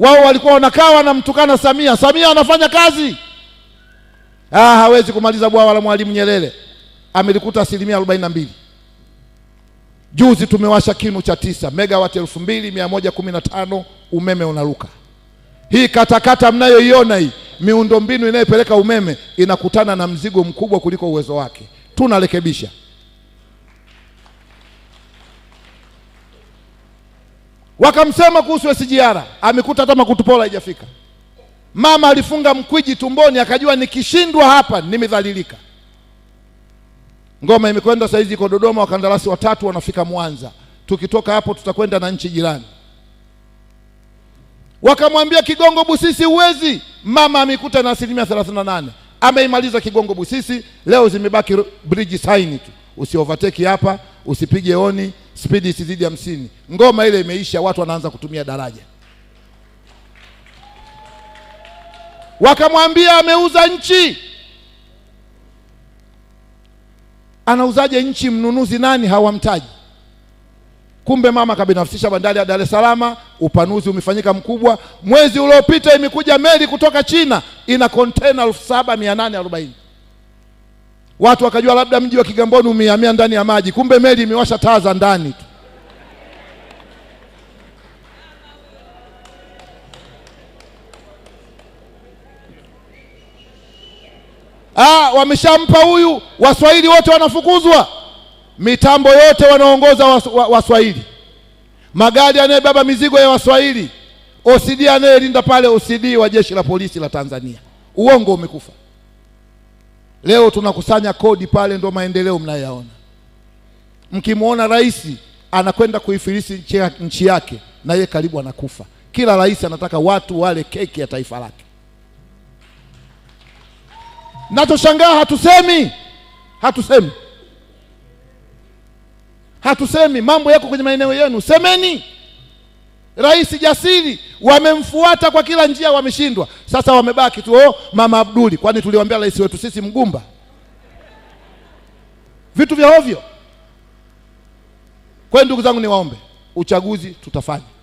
wao walikuwa wanakaa wanamtukana Samia, Samia anafanya kazi ah, hawezi kumaliza bwawa la Mwalimu Nyerere, amelikuta asilimia arobaini na mbili. Juzi tumewasha kinu cha tisa megawati elfu mbili mia moja kumi na tano umeme unaruka. Hii katakata mnayoiona hii miundombinu inayopeleka umeme inakutana na mzigo mkubwa kuliko uwezo wake, tunarekebisha. Wakamsema kuhusu SGR, amekuta hata makutupola haijafika. Mama alifunga mkwiji tumboni, akajua nikishindwa hapa nimedhalilika. Ngoma imekwenda saa hizi iko Dodoma, wakandarasi watatu wanafika Mwanza, tukitoka hapo tutakwenda na nchi jirani. Wakamwambia Kigongo Busisi huwezi. Mama amekuta na asilimia thelathini na nane ameimaliza Kigongo Busisi, leo zimebaki bridge sign tu, usiovateki hapa, usipige oni, spidi isizidi hamsini. Ngoma ile imeisha, watu wanaanza kutumia daraja. Wakamwambia ameuza nchi. Anauzaje nchi? Mnunuzi nani? Hawamtaji. Kumbe mama kabinafsisha bandari ya Dar es Salaam, upanuzi umefanyika mkubwa. Mwezi uliopita imekuja meli kutoka China ina kontena elfu saba mia nane arobaini watu wakajua labda mji wa Kigamboni umehamia ndani ya maji, kumbe meli imewasha taa za ndani tu. Ah, wameshampa huyu, Waswahili wote wanafukuzwa, mitambo yote wanaongoza Waswahili, magari anayebeba mizigo ya Waswahili, OCD anayelinda pale, OCD wa jeshi la polisi la Tanzania. Uongo umekufa. Leo tunakusanya kodi pale, ndo maendeleo mnayoyaona. Mkimwona rais anakwenda kuifilisi nchi, nchi yake na ye karibu anakufa. Kila rais anataka watu wale keki ya taifa lake. Nachoshangaa hatusemi, hatusemi, hatusemi. Mambo yako kwenye maeneo yenu, semeni rais jasiri, wamemfuata kwa kila njia, wameshindwa. Sasa wamebaki tu oh, mama Abduli. Kwani tuliwaambia rais wetu sisi mgumba? Vitu vya ovyo. Kwa hiyo ndugu zangu, niwaombe uchaguzi tutafanya